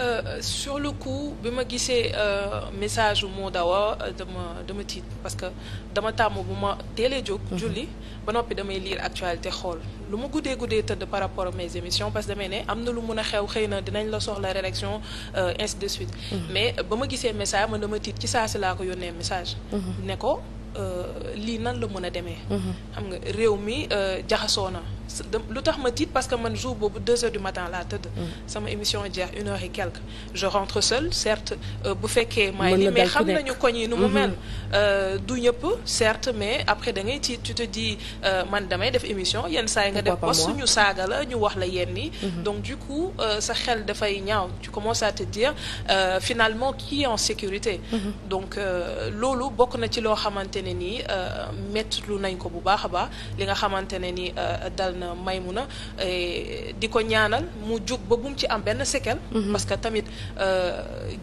Euh, sur le coup bi ma gisee euh, message moo dawa euh, dama dama tiit parce que dama tàmm bu ma teelee jóg. Mhm. julli ba noppi damay lire actualité xool lu ma guddee guddee tëdd par rapport à mes émissions parce que damay ne am na lu mun a xew xëy na dinañ la soxla rédaction euh, ainsi de suite. Mhm. mais ba ma gisee message ma dama tiit ci saa si laa ko yónnee message. Mhm. ne ko euh, lii nan la mën a demee. xam nga réew mi euh, jaxasoo na. lu tax ma tiit parce que man jour boobu deux heures du matin laa tëdd mm. sama émission jeex une heure et quelque je rentre seule certes euh, bu fekkee maay li mais xam nañu koñ yi nu mu mm-hmm. mel euh, du ñëpp certes mais après da ngay tiit tu te dis euh, man damay def émission yenn saa yi nga def post suñu saaga la ñu wax la yenn yi mm-hmm. donc du coup sa xel dafay ñaaw tu commences à te dire finalement qui est en sécurité mm-hmm. donc loolu bokk na ci loo xamante ne nii métti lu nañ ko bu baax a baax Maymuna di ko ñaanal mu jug ba bu mu ci am benn séquelle. Mhm. parce que tamit euh,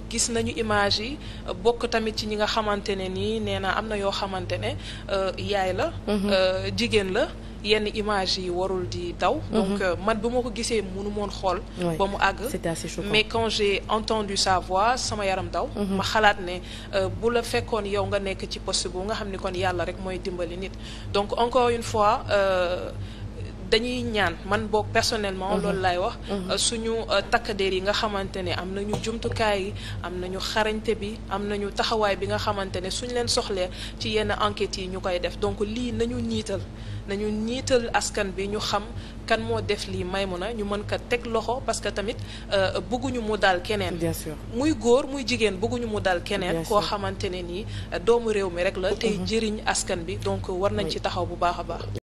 gis nañu image yi bokk tamit ci ñi nga xamante ne nii nee naa am na yoo xamante ne euh, yaay la. Mhm. Euh, jigéen la. yenn image yi warul di daw. Mhm. donc man bi ma ko gisee mënu moon xool. ba mu àgg mais quand j'ai entendu sa voix sama yaram daw. ma xalaat ne bu la fekkoon yow nga nekk ci poste bu nga xam ni kon yàlla rek mooy dimbali nit donc encore une fois. dañuy ñaan man boog personnellement mhm. loolu laay wax mhm. euh, suñu euh, takk yi nga xamante ne am nañu jumtukaay yi am nañu xarañte bi am nañu taxawaay bi nga xamante ne suñ leen soxlee ci yenn enquêtes yi ñu koy def donc lii nañu ñiital nañu ñiital askan bi ñu xam kan moo def lii may mu na ñu mën ko teg loxo parce que tamit euh, bëgguñu mu daal keneen bien muy góor muy jigéen bëgguñu mu daal keneen koo xamante ne nii doomu réew mi rek la tey mhm. jëriñ askan bi donc war nañ ci taxaw bu baax a baax